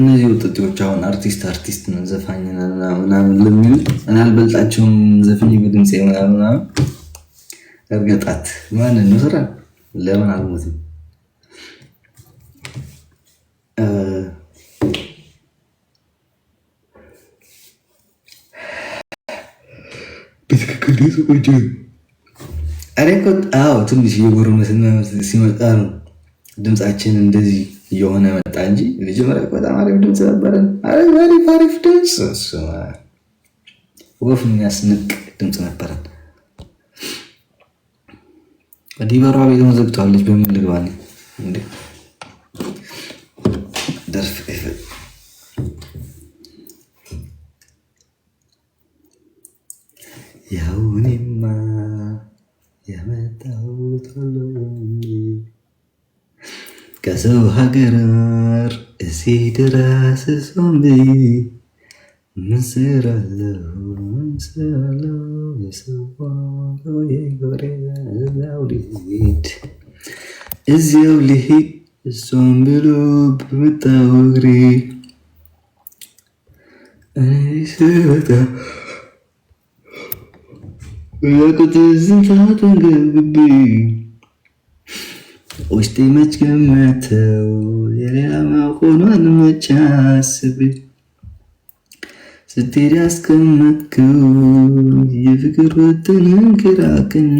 እነዚህ ወጣቶች አሁን አርቲስት አርቲስት ነው ዘፋኝ ምናምን ለሚሉ እና አልበልጣቸውም። ዘፍኝ በድምፅ ምናምን እርገጣት ማን እንስራ ለምን አልሞትም? በትክክል ቆንጆ አሬ እኮ ትንሽ የጎረመስና ሲመጣ ነው ድምፃችን እንደዚህ እየሆነ መጣ እንጂ መጀመሪያ በጣም አሪፍ ድምፅ ነበረን። አሪፍ አሪፍ ድምፅ ወፍ የሚያስንቅ ድምፅ ነበረን። ዲበሯ ቤቱን ዘግቷለች። በምን ልግባ ደርፍ ያው እኔማ የመጣሁት كسو هاجرار زيد راس سومي نسير الله نسير الله يسوى الله يغري الاوليد ازي اوليه سوم بلوب متاوغري اي سيرتا ويا كنت زنتا تنقل ውስጤ መች ገመተው የሌላ መሆኗን መች አስቤ ስትሄድ ያስቀመጥከው የፍቅር ወጥንን ግራቀኙ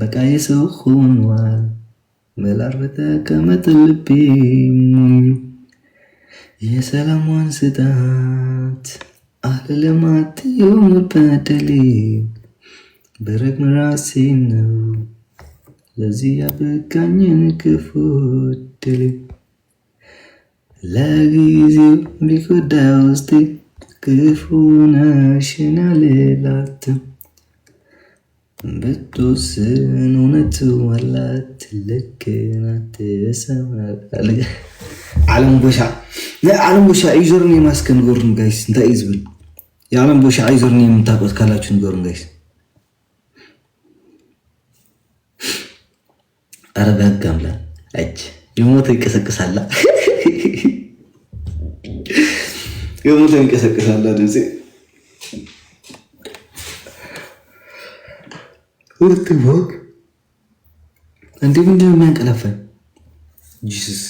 በቃ የሰው ሆኗል መላር በተቀመጠ ልቤ የሰላሟን ስጣት አለለማት የውም በደሌ በረግም ራሴ ነው ለዚህ ያበቃኝን ክፉ ድል ለጊዜው ሊጎዳ ውስጤ ክፉ ነሽና ልላትም ብትወስን እውነቱ ወላት ልክ ናት ተሰማል ዓለም ቦሻ የአለም ቦሻ ዩዘርኔም አስከ ንገሩን ጋይስ እንታይ እዩ ዝብል የዓለም ቦሻ ዩዘርኔም የምታቆት ካላችሁ ንገሩን ጋይስ ኧረ በህግ አምላክ እጅ የሞተ ይቀሰቅሳላ የሞተ ይቀሰቅሳላ ድምፄ ሁለት ወቅ እንዴ ምንድን ነው የሚያንቀላፋኝ? ጂሱስ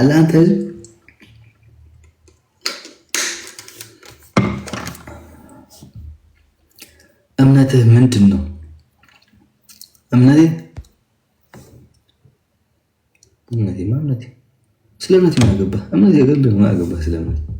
አላንተ እምነትህ ምንድን ነው? እምነቴ እምነቴ ስለ እምነት ምን አገባህ? እምነቴ ገል ምን አገባህ ስለ እምነት